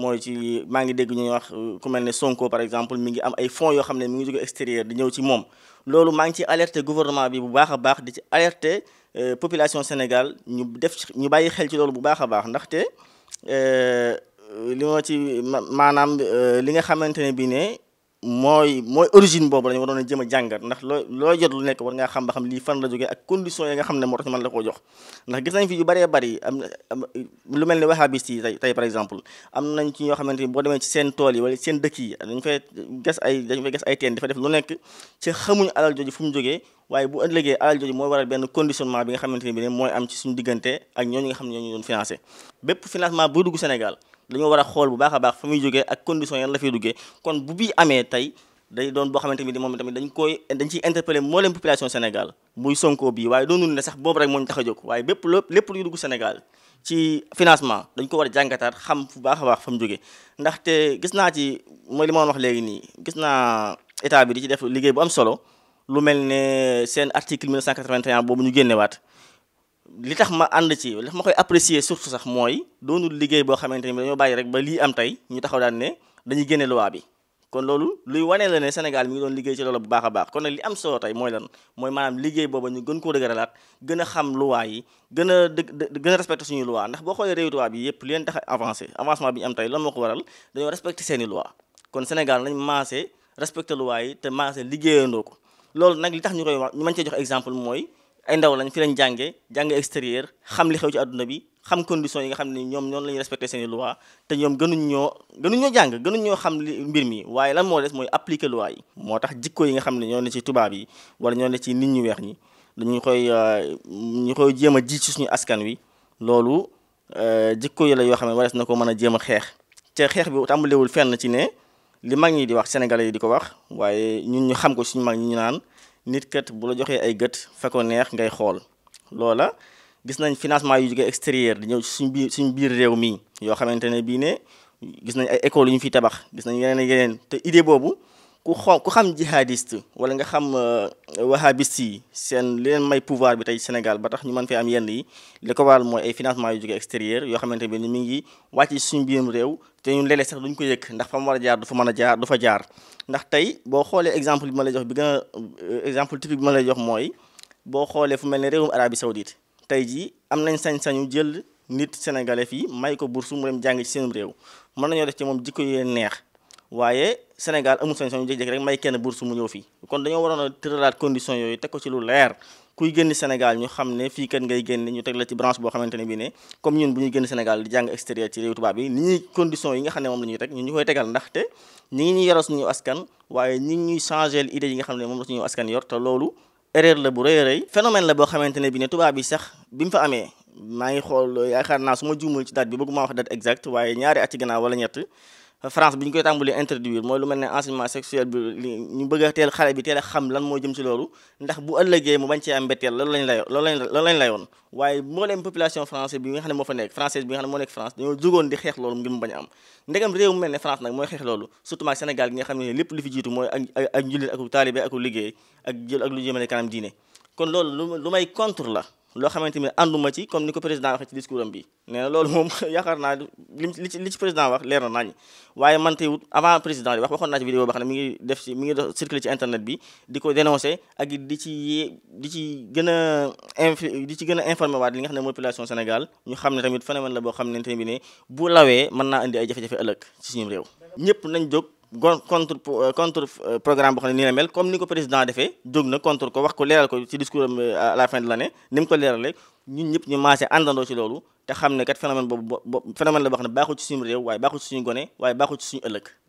mooy ci maa ngi dégg ñuy wax euh, ku mel ne Sonko par exemple mi ngi am ay fonds yoo xam ne mi ngi jóge extérieur di ñëw ci moom loolu maa ngi ci alerter gouvernement bi bu baax a baax di ci alerter euh, population Sénégal ñu def ñu bàyyi xel ci loolu bu baax a baax ndaxte euh, li ma ci maanaam li nga xamante ne bii ne mooy mooy origine boobu dañu waroon a jëm a jàngat ndax loo loo jot lu nekk war ngaa xam xam lii fan la jógee ak condition yi nga xam ne moo tax ñu mën la jox ndax gis nañ fi yu bëree bëri lu mel ni wahabist yi tey tey par exemple am nañ ci ñoo xamante ni boo demee ci seen tool yi wala seen dëkk yi dañ fay gas ay dañ fay gas ay teen dafa def lu nekk ci xamuñ alal jooju fu mu jógee waaye bu ëllëgee alal jooju mooy waral benn conditionnement bi nga xamante ni bi ne mooy am ci suñu diggante ak ñooñu nga xam ne ñooñu doon financé bépp financement buy dañoo war a xool bu baax a baax fa muy jógee ak condition yan la fiy dugge kon bu bii amee tey day doon boo xamante ni moom tamit dañ koy dañ ciy interpellé mboolem population Sénégal muy Sonko bi waaye doonul ne sax boobu rek moo ñu tax a jóg waaye bépp lépp lépp luy Sénégal ci financement dañ ko war a jàngataat xam bu baax a baax fa mu jóge ndaxte gis naa ci mooy li ma wax léegi nii gis naa état bi di ci def liggéey bu am solo lu mel ne seen article 1981 boobu ñu génnewaat li tax ma ànd ci li tax ma koy apprécier surtout sax mooy doonu liggéey boo xamante ni dañoo bàyyi rek ba lii am tey ñu taxaw daan ne dañuy génne luwaa bi kon loolu luy wanee la ne Sénégal mi ngi doon liggéey ci loolu bu baax baax kon nag li am solo tey mooy lan mooy maanaam liggéey booba ñu gën koo dëgëralaat gën a xam loi yi gën a dëgg gën a respecté suñuy loi boo xoolee réew tubaab yi yëpp li leen tax avancé avancement bi ñu am tey lan moo ko waral dañoo respecté seeni i kon Sénégal nañ maase respecte loi yi te maase liggéeyandoo ko loolu nag li tax ñu koy wax ñu mën cee jox exemple mooy ay ndaw lañ fi lañ jànge jàng extérieur xam li xew ci àdduna bi xam condition yi nga xam ne ñoom ñoom la ñuy respecté seen te ñoom gënuñ ñoo gënuñ ñoo jàng gënuñ ñoo xam li mbir mi waaye lan moo des mooy appliquer loi yi moo tax jikko yi nga xam ne ñoo ne ci tubaab yi wala ñoo ne ci nit ñu weex ñi dañu koy euh, ñu koy jéem a ji ci suñu askan wi loolu euh, jikko yi la yoo xam ne warees na ko mën a jéem a xeex te xeex bi tàmbalewul fenn ci ne li mag ñi di wax sénégalais yi di ko wax waaye ñun ñu xam ko suñu mag ñu naan nit kat bu la joxee ay gët fa neex ngay xool loola gis nañ financement yu jógee extérieur di ñëw suñ biir suñ biir réew mii yoo xamante ne bii ne gis nañ ay école yu ñu fi tabax gis nañ yeneen yeneen te idée boobu ku xoo ku xam jihadiste wala nga xam euh, wahabiste yi seen leen may pouvoir bi tey Sénégal ba tax ñu mën fee am yenn yi li ko waral mooy ay financement yu jóge extérieur yoo xamante bi ni mi ngi wàcc ci suñu biirum réew te ñun léeg-léeg sax duñ ko yëg ndax fa ma war jaar du fa mën a jaar du jaar ndax tey boo xoolee exemple bi ma lay jox bi gën euh, exemple typique bi ma lay jox mooy boo xoolee fu mel ne réewum Arabie Saoudite tey jii am nañ sañ-sañu jël nit sénégalais fii may ko bourse mu dem jàng ci réew mën nañoo def ci moom neex Sénégal amul sañ-sañ ñu jékki-jékki rek may kenn bourse mu ñëw fii kon dañoo waroon a tëralaat condition yooyu teg ko ci lu leer kuy génn Sénégal ñu xam ne fii kat ngay génn ñu teg la ci branche boo xamante ne bii ne comme ñun bu ñu génn Sénégal di jàng extérieur ci réew tubaab bi ñuy condition yi nga xam ne moom la ñuy teg ñu koy tegal ndaxte ñi ngi ñuy yoro suñu askan waaye ñi ñuy changé idée yi nga xam ne moom la suñu askan yor te loolu erreur la bu boo xamante ne bi ne tubaab bi sax bi mu fa amee maa ngi xool yaakaar naa su ma juumul ci date bi bëggu maa wax date exact waaye ñaari at ci gannaaw wala ñett France bi ñu koy tàmbali introduire mooy lu mel ne enseignement sexuel bi ñu bëgg a teel xale bi teel a xam lan moo jëm ci loolu ndax bu ëllëgee mu bañ cee am mbetteel loolu lañ lay loolu lañ loolu lañ layoon waaye mbooleem population français bi nga xam ne moo fa nekk française bi nga xam ne moo nekk France dañoo jugoon di xeex loolu ngir mu bañ a am ndegam réew mu mel ne France nag mooy xeex loolu surtout maag Sénégal gi nga xam ne lépp li fi jiitu mooy ak ak ak ak taalibe ak liggéey ak lu jëmale may contre la loo xamante ni ànduma ci comme ni ko président waxee ci discours bi nee loolu moom yaakaar naa li ci li ci président wax leer na naa ñi waaye man wut avant président di wax waxoon naa ci vidéo boo xam ne mi ngi def ci mi ngi ko di di ci gën a inf di ci gën a informer waat li nga xam ne mooy population Sénégal ñu xam ne tamit phénomène la boo xam ne bi ne bu lawee mën naa indi ay jafe-jafe ëllëg ci suñu réew ñëpp nañ jóg contre euh, contre euh, programme boo xam ne nii la mel comme ni ko président defee jóg na contre ko wax ko leeral ko ci discours am euh, à la fin de l'année ni mu ko leeralee ñun ñëpp ñu maasee àndandoo ci loolu te xam ne kat phénomène boobu phénomène la boo xam ne baaxul ci suñu réew waaye baaxul ci suñu gone waaye baaxul ci suñu ëllëg